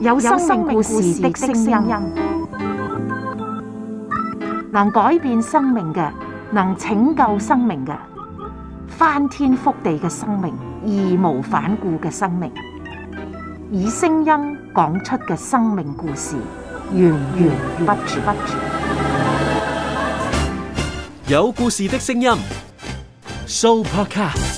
有生命故事的聲音，能改變生命嘅，能拯救生命嘅，翻天覆地嘅生命，義無反顧嘅生命，以聲音講出嘅生命故事，源源不絕。有故事的聲音，Soupercast。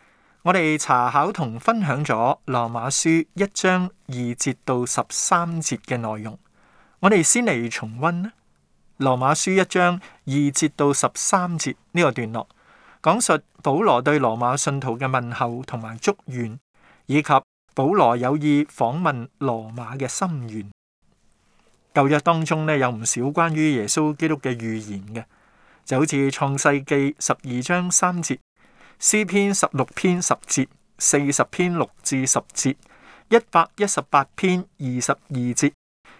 我哋查考同分享咗羅馬書一章二節到十三節嘅內容，我哋先嚟重溫羅馬書一章二節到十三節呢個段落，講述保羅對羅馬信徒嘅問候同埋祝願，以及保羅有意訪問羅馬嘅心願。舊約當中咧，有唔少關於耶穌基督嘅預言嘅，就好似創世紀十二章三節。詩篇十六篇十節，四十篇六至十節，一百一十八篇二十二節，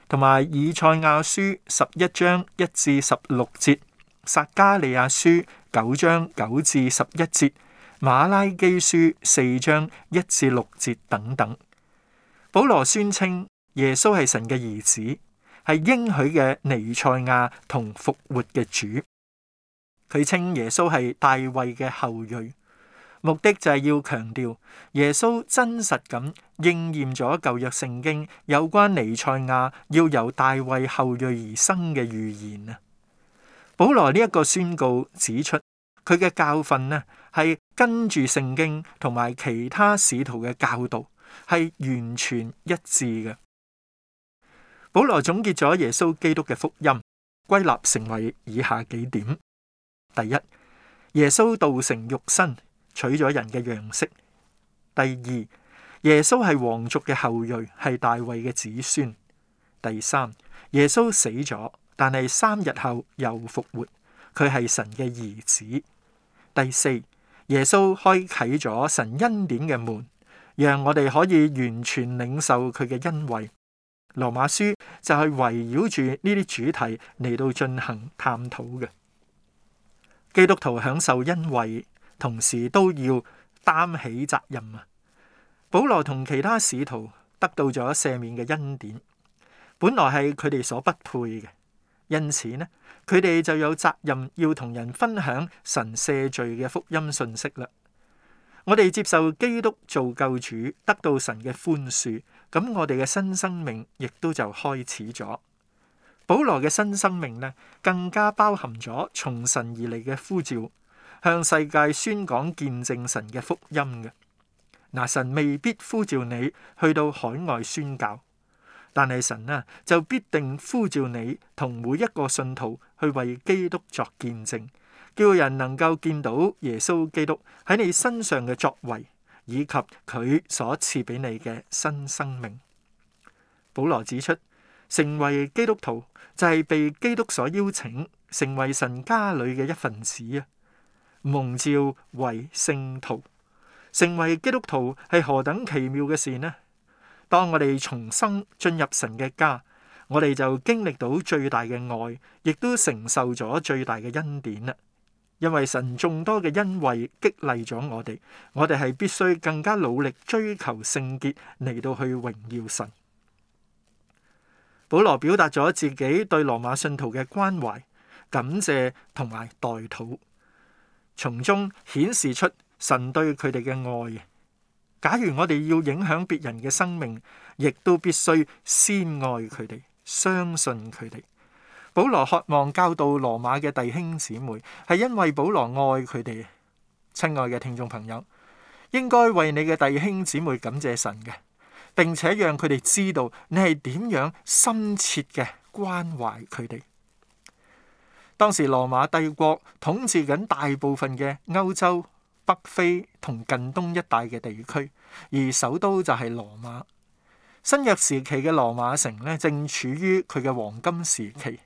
同埋以賽亞書十一章一至十六節，撒加利亞書九章九至十一節，瑪拉基書四章一至六節等等。保羅宣稱耶穌係神嘅兒子，係應許嘅尼賽亞同復活嘅主。佢稱耶穌係大衛嘅後裔。目的就係要強調耶穌真實咁應驗咗舊約聖經有關尼賽亞要由大衛後裔而生嘅預言啊！保羅呢一個宣告指出，佢嘅教訓呢係跟住聖經同埋其他使徒嘅教導係完全一致嘅。保羅總結咗耶穌基督嘅福音，歸納成為以下幾點：第一，耶穌道成肉身。取咗人嘅樣式。第二，耶穌係皇族嘅後裔，係大衛嘅子孫。第三，耶穌死咗，但係三日後又復活，佢係神嘅兒子。第四，耶穌開啟咗神恩典嘅門，讓我哋可以完全領受佢嘅恩惠。羅馬書就係圍繞住呢啲主題嚟到進行探討嘅。基督徒享受恩惠，同時都要擔起責任啊！保羅同其他使徒得到咗赦免嘅恩典，本來係佢哋所不配嘅，因此呢，佢哋就有責任要同人分享神赦罪嘅福音信息啦。我哋接受基督做救主，得到神嘅寬恕，咁我哋嘅新生命亦都就開始咗。保羅嘅新生命呢，更加包含咗從神而嚟嘅呼召。向世界宣講見證神嘅福音嘅。嗱，神未必呼召你去到海外宣教，但係神啊就必定呼召你同每一個信徒去為基督作見證，叫人能夠見到耶穌基督喺你身上嘅作為，以及佢所賜俾你嘅新生命。保羅指出，成為基督徒就係、是、被基督所邀請，成為神家裏嘅一份子啊！蒙召為聖徒，成為基督徒係何等奇妙嘅事呢？當我哋重生進入神嘅家，我哋就經歷到最大嘅愛，亦都承受咗最大嘅恩典啦。因為神眾多嘅恩惠激勵咗我哋，我哋係必須更加努力追求聖潔，嚟到去榮耀神。保羅表達咗自己對羅馬信徒嘅關懷、感謝同埋代禱。從中顯示出神對佢哋嘅愛。假如我哋要影響別人嘅生命，亦都必須先愛佢哋，相信佢哋。保羅渴望教導羅馬嘅弟兄姊妹，係因為保羅愛佢哋。親愛嘅聽眾朋友，應該為你嘅弟兄姊妹感謝神嘅，並且讓佢哋知道你係點樣深切嘅關懷佢哋。當時羅馬帝國統治緊大部分嘅歐洲、北非同近東一帶嘅地區，而首都就係羅馬。新約時期嘅羅馬城咧，正處於佢嘅黃金時期，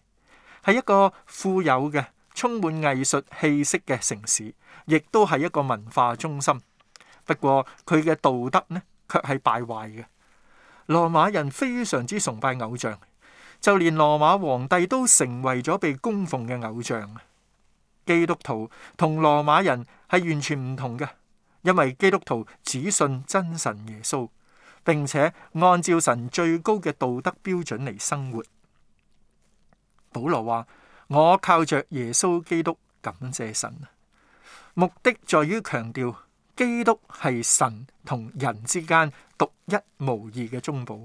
係一個富有嘅、充滿藝術氣息嘅城市，亦都係一個文化中心。不過佢嘅道德呢，卻係敗壞嘅。羅馬人非常之崇拜偶像。就連羅馬皇帝都成為咗被供奉嘅偶像。基督徒同羅馬人係完全唔同嘅，因為基督徒只信真神耶穌，並且按照神最高嘅道德標準嚟生活。保羅話：我靠着耶穌基督感謝神。目的在於強調基督係神同人之間獨一無二嘅中保。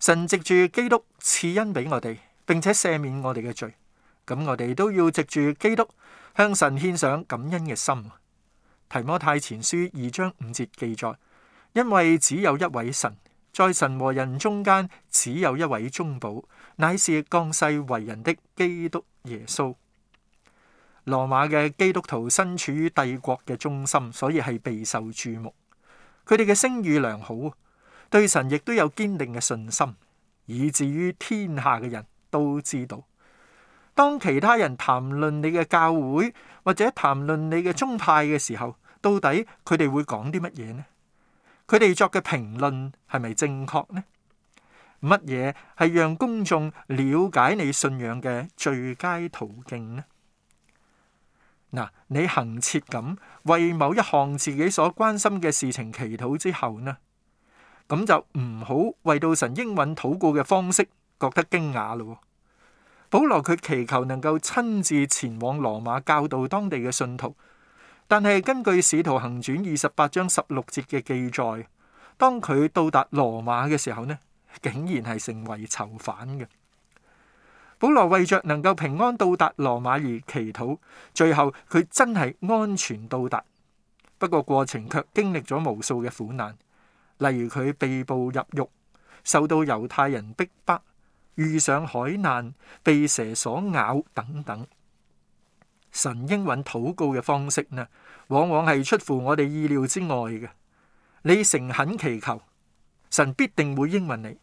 神藉住基督賜恩俾我哋，並且赦免我哋嘅罪，咁我哋都要藉住基督向神獻上感恩嘅心。提摩太前書二章五節記載：因為只有一位神，在神和人中間，只有一位中保，乃是降世為人的基督耶穌。羅馬嘅基督徒身處於帝國嘅中心，所以係備受注目，佢哋嘅聲譽良好，對神亦都有堅定嘅信心，以至於天下嘅人都知道。當其他人談論你嘅教會或者談論你嘅宗派嘅時候，到底佢哋會講啲乜嘢呢？佢哋作嘅評論係咪正確呢？乜嘢係讓公眾了解你信仰嘅最佳途徑呢？嗱，你行切咁為某一項自己所關心嘅事情祈禱之後呢？咁就唔好為到神應允禱告嘅方式覺得驚訝咯。保羅佢祈求能夠親自前往羅馬教導當地嘅信徒，但係根據《使徒行傳》二十八章十六節嘅記載，當佢到達羅馬嘅時候呢，竟然係成為囚犯嘅。保羅為着能夠平安到達羅馬而祈禱，最後佢真係安全到達，不過過程卻經歷咗無數嘅苦難。例如佢被捕入獄，受到猶太人逼迫，迫，遇上海難，被蛇所咬等等。神應允禱告嘅方式呢，往往係出乎我哋意料之外嘅。你誠懇祈求，神必定會應允你。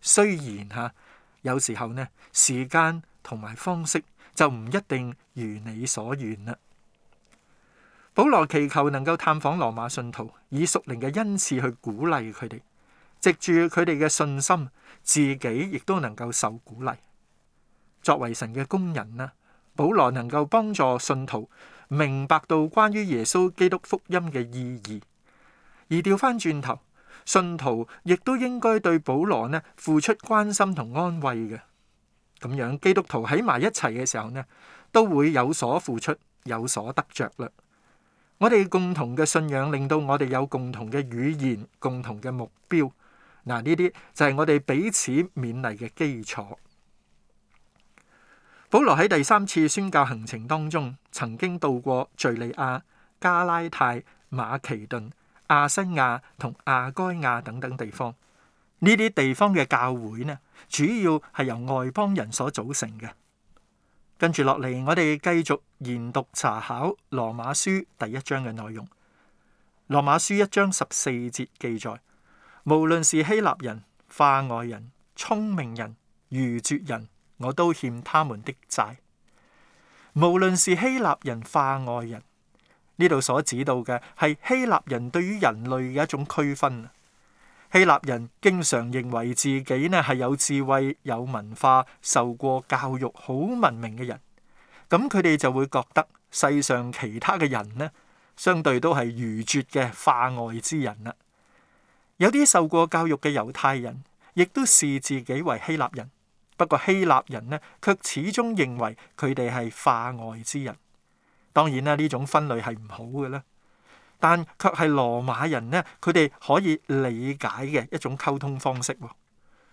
雖然吓，有時候呢時間同埋方式就唔一定如你所願啦。保羅祈求能夠探訪羅馬信徒，以屬靈嘅恩賜去鼓勵佢哋，藉住佢哋嘅信心，自己亦都能夠受鼓勵。作為神嘅工人呢，保羅能夠幫助信徒明白到關於耶穌基督福音嘅意義，而調翻轉頭，信徒亦都應該對保羅呢付出關心同安慰嘅。咁樣基督徒喺埋一齊嘅時候呢，都會有所付出，有所得着嘞。我哋共同嘅信仰令到我哋有共同嘅語言、共同嘅目標，嗱呢啲就係我哋彼此勉勵嘅基礎。保羅喺第三次宣教行程當中，曾經到過敘利亞、加拉太、馬其頓、亞西亞同亞該亞等等地方。呢啲地方嘅教會呢，主要係由外邦人所組成嘅。跟住落嚟，我哋繼續研讀查考羅馬書第一章嘅內容。羅馬書一章十四節記載：無論是希臘人、化外人、聰明人、愚拙人，我都欠他們的債。無論是希臘人、化外人，呢度所指到嘅係希臘人對於人類嘅一種區分。希臘人經常認為自己呢係有智慧、有文化、受過教育、好文明嘅人，噉佢哋就會覺得世上其他嘅人呢，相對都係愚拙嘅化外之人啦。有啲受過教育嘅猶太人，亦都視自己為希臘人，不過希臘人呢，卻始終認為佢哋係化外之人。當然啦，呢種分類係唔好嘅啦。但卻係羅馬人呢，佢哋可以理解嘅一種溝通方式。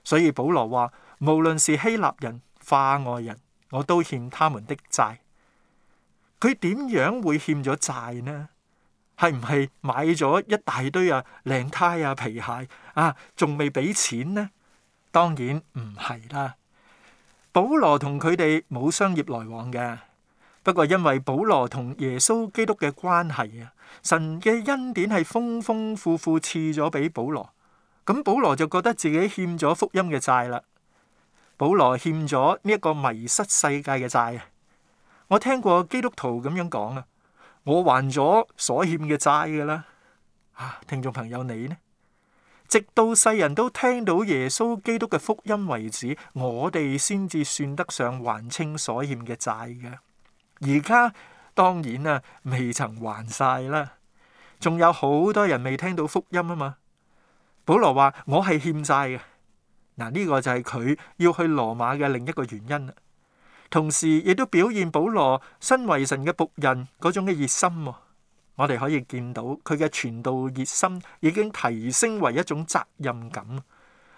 所以保羅話，無論是希臘人、化外人，我都欠他們的債。佢點樣會欠咗債呢？係唔係買咗一大堆啊靚呔啊皮鞋啊，仲未俾錢呢？當然唔係啦。保羅同佢哋冇商業來往嘅，不過因為保羅同耶穌基督嘅關係啊。神嘅恩典係豐豐富富賜咗俾保羅，咁保羅就覺得自己欠咗福音嘅債啦。保羅欠咗呢一個迷失世界嘅債啊！我聽過基督徒咁樣講啊，我還咗所欠嘅債噶啦。啊，聽眾朋友你呢？直到世人都聽到耶穌基督嘅福音為止，我哋先至算得上還清所欠嘅債嘅。而家。當然啦，未曾還晒啦，仲有好多人未聽到福音啊嘛。保羅話：我係欠債嘅，嗱、這、呢個就係佢要去羅馬嘅另一個原因啦。同時亦都表現保羅身為神嘅僕人嗰種嘅熱心喎。我哋可以見到佢嘅傳道熱心已經提升為一種責任感。呢、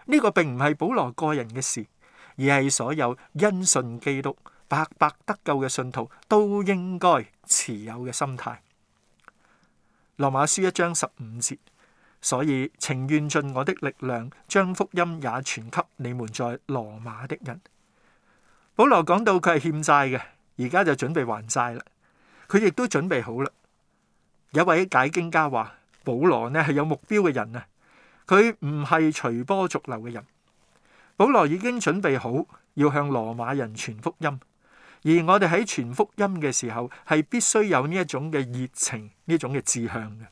這個並唔係保羅個人嘅事，而係所有因信基督。白白得救嘅信徒都應該持有嘅心態。羅馬書一章十五節，所以情願盡我的力量，將福音也傳給你們在羅馬的人。保羅講到佢係欠債嘅，而家就準備還債啦。佢亦都準備好啦。有位解經家話，保羅呢係有目標嘅人啊，佢唔係隨波逐流嘅人。保羅已經準備好要向羅馬人傳福音。而我哋喺傳福音嘅時候，係必須有呢一種嘅熱情，呢種嘅志向嘅。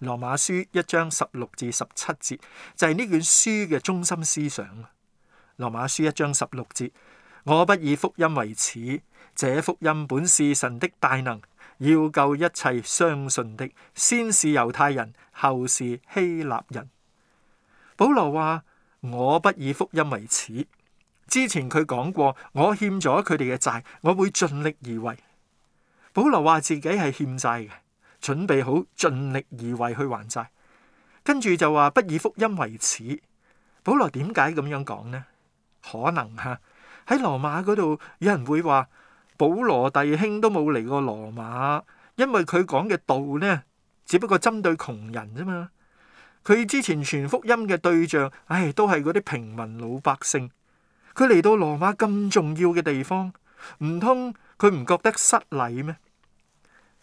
羅馬書一章十六至十七節就係、是、呢卷書嘅中心思想啊。羅馬書一章十六節，我不以福音為恥，這福音本是神的大能，要救一切相信的，先是猶太人，後是希臘人。保羅話：我不以福音為恥。之前佢講過，我欠咗佢哋嘅債，我會盡力而為。保羅話自己係欠債嘅，準備好盡力而為去還債，跟住就話不以福音為恥。保羅點解咁樣講呢？可能吓喺羅馬嗰度有人會話，保羅弟兄都冇嚟過羅馬，因為佢講嘅道呢，只不過針對窮人啫嘛。佢之前傳福音嘅對象，唉、哎，都係嗰啲平民老百姓。佢嚟到羅馬咁重要嘅地方，唔通佢唔覺得失禮咩？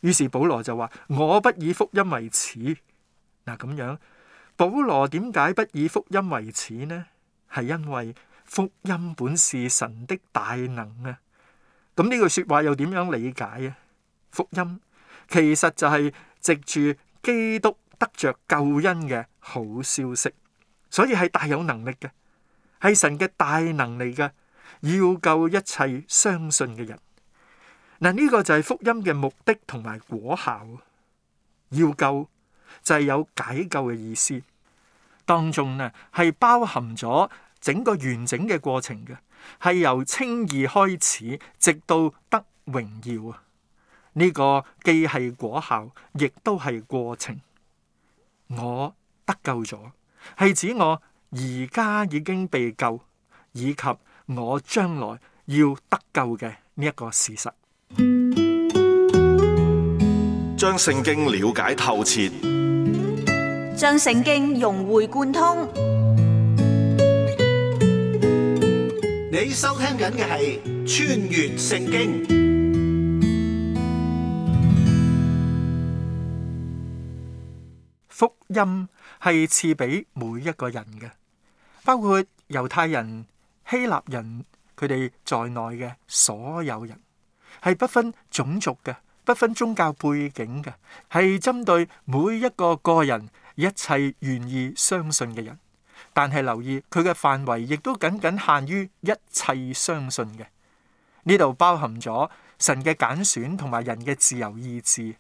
於是保羅就話：我不以福音為恥。嗱，咁樣，保羅點解不以福音為恥呢？係因為福音本是神的大能啊！咁呢句說話又點樣理解啊？福音其實就係藉住基督得着救恩嘅好消息，所以係大有能力嘅。係神嘅大能嚟噶，要救一切相信嘅人。嗱，呢個就係福音嘅目的同埋果效，要救就係、是、有解救嘅意思。當中呢係包含咗整個完整嘅過程嘅，係由稱義開始，直到得榮耀啊！呢、這個既係果效，亦都係過程。我得救咗，係指我，而家已經被救，以及我將來要得救嘅呢一個事實，將聖經了解透徹，將聖經融會貫通。你收聽緊嘅係穿越聖經福音。係賜俾每一個人嘅，包括猶太人、希臘人佢哋在內嘅所有人，係不分種族嘅，不分宗教背景嘅，係針對每一個個人一切願意相信嘅人。但係留意佢嘅範圍亦都僅僅限於一切相信嘅。呢度包含咗神嘅揀選同埋人嘅自由意志。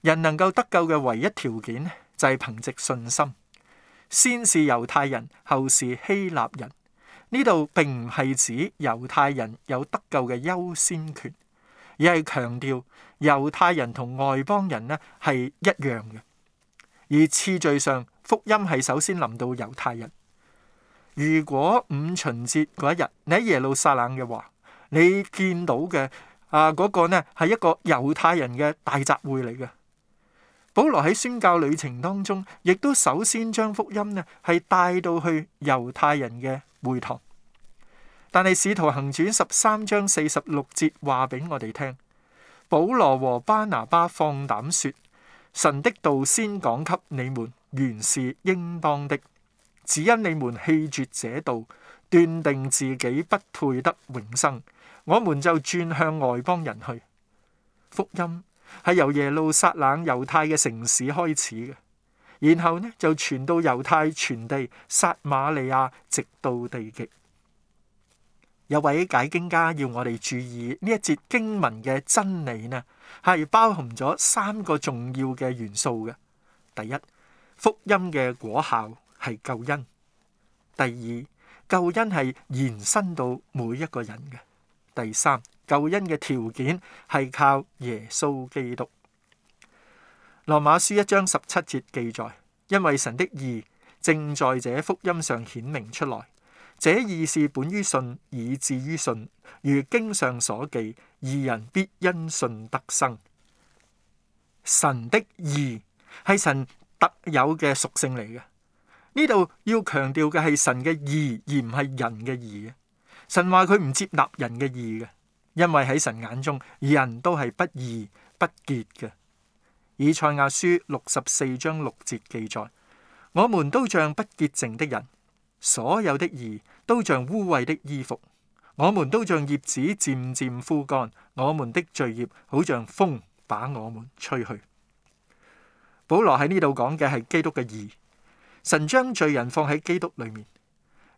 人能夠得救嘅唯一條件，就係憑藉信心，先是猶太人，後是希臘人。呢度並唔係指猶太人有得救嘅優先權，而係強調猶太人同外邦人呢係一樣嘅。而次序上，福音係首先臨到猶太人。如果五旬節嗰一日你喺耶路撒冷嘅話，你見到嘅啊嗰個呢，係一個猶太人嘅大集會嚟嘅。保羅喺宣教旅程當中，亦都首先將福音呢係帶到去猶太人嘅會堂，但係使徒行傳十三章四十六節話俾我哋聽：保羅和巴拿巴放膽說，神的道先講給你們，原是應當的，只因你們棄絕這道，斷定自己不配得永生，我們就轉向外邦人去福音。係由耶路撒冷猶太嘅城市開始嘅，然後呢就傳到猶太全地、撒瑪利亞，直到地極。有位解經家要我哋注意呢一節經文嘅真理呢，係包含咗三個重要嘅元素嘅。第一，福音嘅果效係救恩；第二，救恩係延伸到每一個人嘅；第三。救恩嘅條件係靠耶穌基督。羅馬書一章十七節記載：因為神的義正在這福音上顯明出來。這義是本於信，以至於信。如經上所記：義人必因信得生。神的義係神特有嘅屬性嚟嘅。呢度要強調嘅係神嘅義，而唔係人嘅義。神話佢唔接納人嘅義嘅。因為喺神眼中，人都係不義不潔嘅。以賽亞書六十四章六節記載：我們都像不潔淨的人，所有的義都像污穢的衣服。我們都像葉子漸漸枯乾，我們的罪孽好像風把我們吹去。保羅喺呢度講嘅係基督嘅義，神將罪人放喺基督裏面，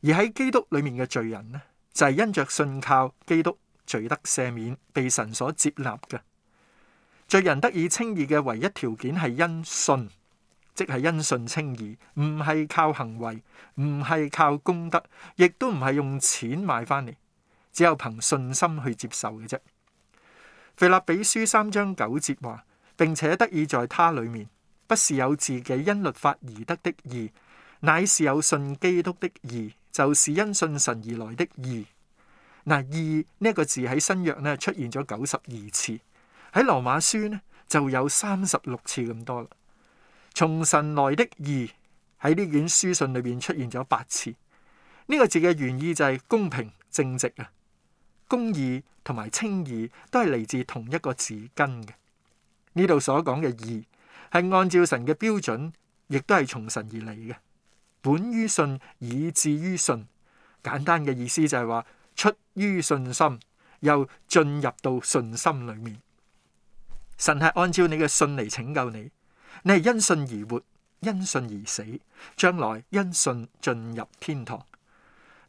而喺基督裏面嘅罪人呢，就係因着信靠基督。罪得赦免，被神所接納嘅罪人得以稱義嘅唯一條件係因信，即係因信稱義，唔係靠行為，唔係靠功德，亦都唔係用錢買翻嚟，只有憑信心去接受嘅啫。腓立比書三章九節話，並且得以在他裏面，不是有自己因律法而得的義，乃是有信基督的義，就是因信神而來的義。嗱，義呢一個字喺新約咧出現咗九十二次，喺羅馬書咧就有三十六次咁多啦。從神來的義喺呢卷書信裡邊出現咗八次，呢、呢個字嘅原意就係公平正直啊，公義同埋稱義都係嚟自同一個字根嘅。呢度所講嘅義係按照神嘅標準，亦都係從神而嚟嘅，本於信以至於信。簡單嘅意思就係話。出於信心，又進入到信心裏面。神係按照你嘅信嚟拯救你，你係因信而活，因信而死，將來因信進入天堂。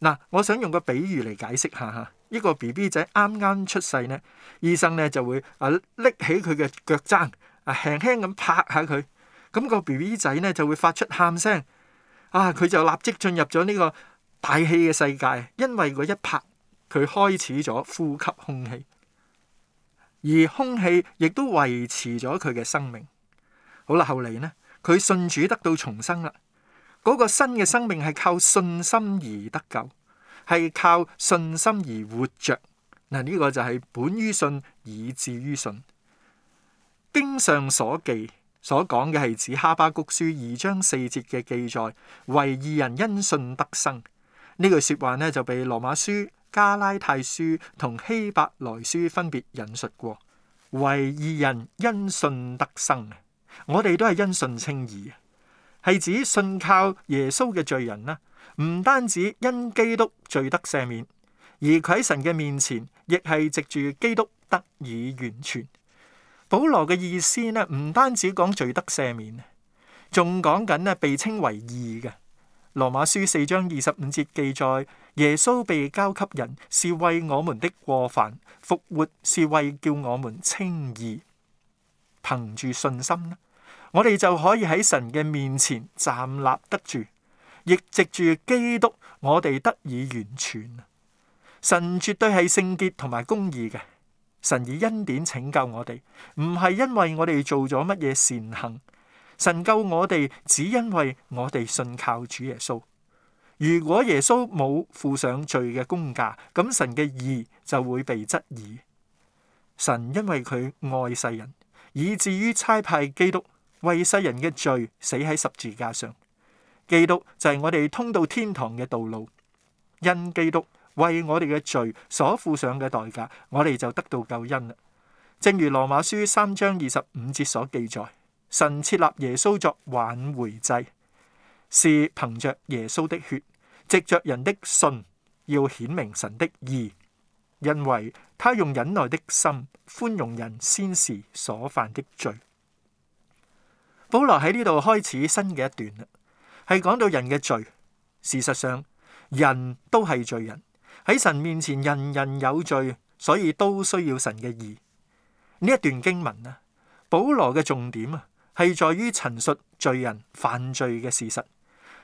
嗱，我想用個比喻嚟解釋下吓，一個 B B 仔啱啱出世呢，醫生呢就會啊拎起佢嘅腳踭，啊，啊輕輕咁拍下佢，咁個 B B 仔呢就會發出喊聲，啊佢就立即進入咗呢個大氣嘅世界，因為嗰一拍。佢開始咗呼吸空氣，而空氣亦都維持咗佢嘅生命。好啦，後嚟呢，佢信主得到重生啦。嗰個新嘅生命係靠信心而得救，係靠信心而活著，嗱，呢個就係本於信，以至於信。經上所記所講嘅係指《哈巴谷書》二章四節嘅記載，為二人因信得生呢句説話呢，就被羅馬書，加拉太書同希伯來書分別引述過，為義人因信得生，我哋都係因信稱義啊，係指信靠耶穌嘅罪人啦，唔單止因基督罪得赦免，而佢喺神嘅面前，亦係藉住基督得以完全。保羅嘅意思呢，唔單止講罪得赦免，仲講緊咧被稱為義嘅。羅馬書四章二十五節記載。耶穌被交給人，是為我們的過犯，復活，是為叫我們稱義。憑住信心，我哋就可以喺神嘅面前站立得住，亦藉住基督，我哋得以完全。神絕對係聖潔同埋公義嘅，神以恩典拯救我哋，唔係因為我哋做咗乜嘢善行，神救我哋只因為我哋信靠主耶穌。如果耶穌冇付上罪嘅公價，咁神嘅義就會被質疑。神因為佢愛世人，以至於差派基督為世人嘅罪死喺十字架上。基督就係我哋通到天堂嘅道路。因基督為我哋嘅罪所付上嘅代價，我哋就得到救恩，正如羅馬書三章二十五節所記載，神設立耶穌作挽回祭。是憑着耶穌的血，藉着人的信，要顯明神的義。因為他用忍耐的心寬容人先時所犯的罪。保羅喺呢度開始新嘅一段啦，係講到人嘅罪。事實上，人都係罪人，喺神面前人人有罪，所以都需要神嘅義。呢一段經文呢，保羅嘅重點啊係在於陳述罪人犯罪嘅事實。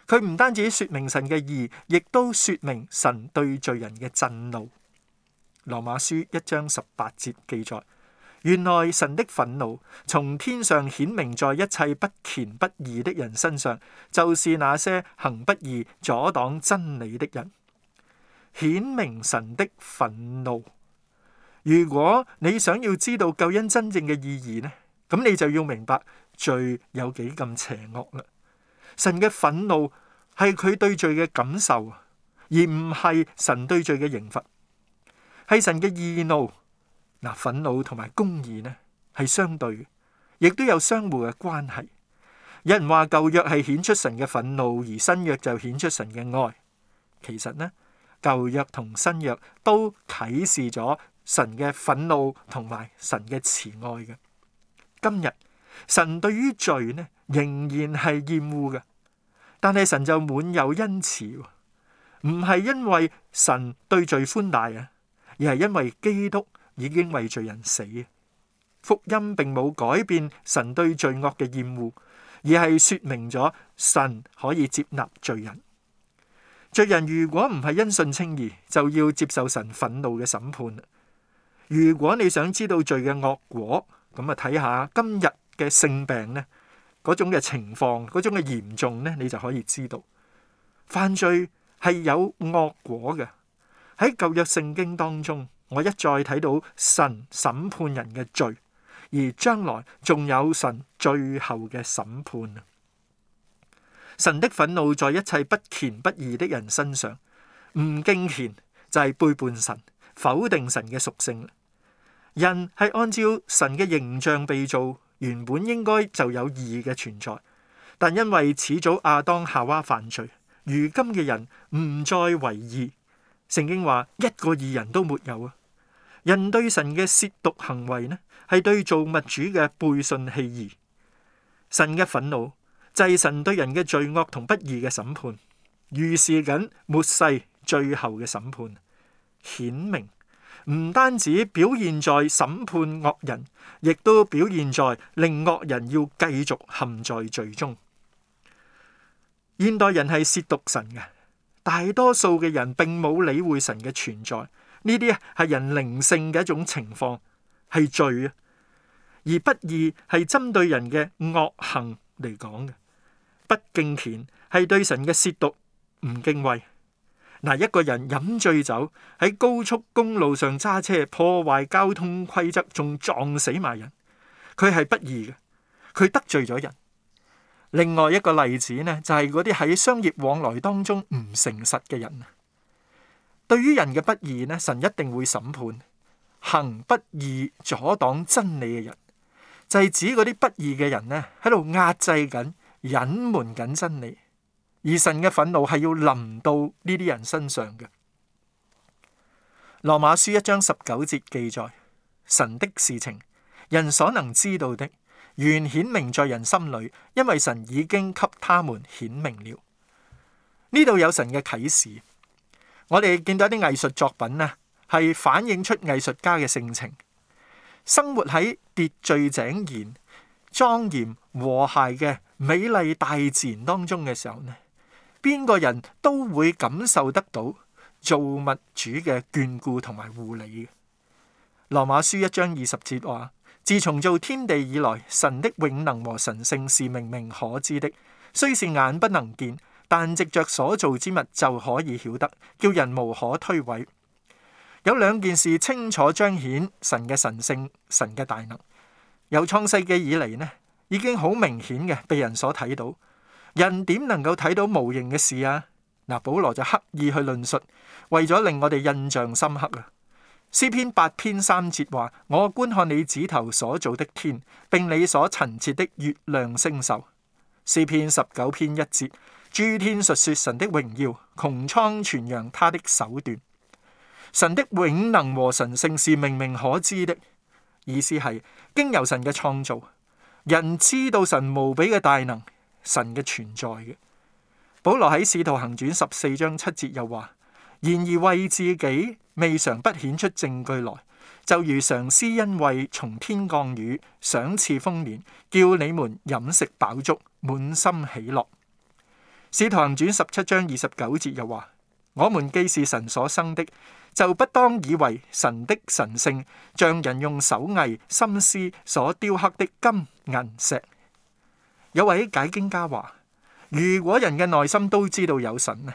佢唔單止說明神嘅義，亦都說明神對罪人嘅震怒。羅馬書一章十八節記載：原來神的憤怒從天上顯明在一切不虔不義的人身上，就是那些行不義、阻擋真理的人，顯明神的憤怒。如果你想要知道救恩真正嘅意義呢，咁你就要明白罪有幾咁邪惡嘞。」神嘅憤怒係佢對罪嘅感受，而唔係神對罪嘅刑罰，係神嘅義怒。嗱，憤怒同埋公義呢，係相對嘅，亦都有相互嘅關係。有人話舊約係顯出神嘅憤怒，而新約就顯出神嘅愛。其實呢，舊約同新約都啟示咗神嘅憤怒同埋神嘅慈愛嘅。今日。神對於罪呢，仍然係厭惡嘅，但係神就滿有恩慈，唔係因為神對罪寬大啊，而係因為基督已經為罪人死啊。福音並冇改變神對罪惡嘅厭惡，而係說明咗神可以接納罪人。罪人如果唔係因信稱義，就要接受神憤怒嘅審判。如果你想知道罪嘅惡果，咁啊睇下今日。嘅性病呢，嗰種嘅情況，嗰種嘅嚴重呢，你就可以知道犯罪係有惡果嘅。喺舊約聖經當中，我一再睇到神審判人嘅罪，而將來仲有神最後嘅審判。神的憤怒在一切不虔不義的人身上。唔敬虔就係背叛神，否定神嘅屬性。人係按照神嘅形象被造。原本應該就有義嘅存在，但因為始祖亞當夏娃犯罪，如今嘅人唔再為義。聖經話一個義人都沒有啊！人對神嘅褻瀆行為呢，係對造物主嘅背信棄義。神嘅憤怒，係神對人嘅罪惡同不義嘅審判，預示緊末世最後嘅審判，顯明。唔單止表現在審判惡人，亦都表現在令惡人要繼續陷在罪中。現代人係褻瀆神嘅，大多數嘅人並冇理會神嘅存在。呢啲啊，係人靈性嘅一種情況，係罪啊。而不義係針對人嘅惡行嚟講嘅，不敬虔係對神嘅褻瀆，唔敬畏。嗱，一個人飲醉酒喺高速公路上揸車，破壞交通規則，仲撞死埋人，佢係不義嘅，佢得罪咗人。另外一個例子呢，就係嗰啲喺商業往來當中唔誠實嘅人啊。對於人嘅不義呢，神一定會審判。行不義阻擋真理嘅人，就係、是、指嗰啲不義嘅人呢，喺度壓制緊、隱瞞緊真理。而神嘅憤怒係要臨到呢啲人身上嘅。羅馬書一章十九節記載：神的事情，人所能知道的，原顯明在人心裏，因為神已經給他們顯明了。呢度有神嘅啟示。我哋見到啲藝術作品呢，係反映出藝術家嘅性情。生活喺秩序井然、莊嚴和諧嘅美麗大自然當中嘅時候呢。邊個人都會感受得到做物主嘅眷顧同埋護理嘅。羅馬書一章二十節話：自從造天地以來，神的永能和神性是明明可知的，雖是眼不能見，但藉着所造之物就可以曉得，叫人無可推諉。有兩件事清楚彰顯神嘅神性、神嘅大能。有創世紀以嚟呢，已經好明顯嘅被人所睇到。人點能夠睇到無形嘅事啊？嗱，保羅就刻意去論述，為咗令我哋印象深刻啊。詩篇八篇三節話：，我觀看你指頭所造的天，並你所陳設的月亮星宿。詩篇十九篇一節：，諸天述說神的榮耀，穹蒼傳揚他的手段。神的永能和神性是明明可知的，意思係經由神嘅創造，人知道神無比嘅大能。神嘅存在嘅，保羅喺《使徒行傳》十四章七節又話：，然而為自己未嘗不顯出證據來，就如常施恩惠，從天降雨，賞賜豐年，叫你們飲食飽足，滿心喜樂。《使徒行傳》十七章二十九節又話：，我們既是神所生的，就不當以為神的神性像人用手藝心思所雕刻的金銀石。有位解經家話，如果人嘅內心都知道有神咧，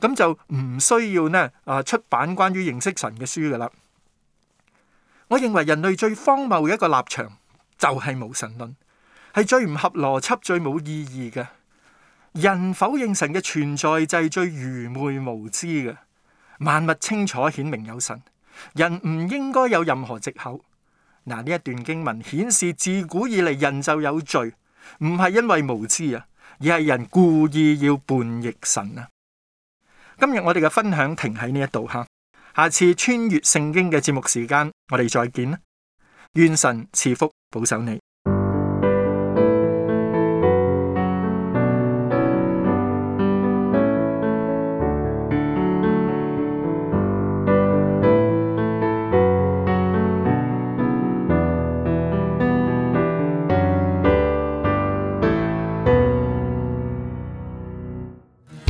咁就唔需要咧啊出版關於認識神嘅書噶啦。我認為人類最荒謬一個立場就係無神論，係最唔合邏輯、最冇意義嘅。人否認神嘅存在就係最愚昧無知嘅。萬物清楚顯明有神，人唔應該有任何藉口。嗱，呢一段經文顯示，自古以嚟人就有罪。唔係因為無知啊，而係人故意要叛逆神啊！今日我哋嘅分享停喺呢一度吓，下次穿越聖經嘅節目時間，我哋再見啦！願神賜福保守你。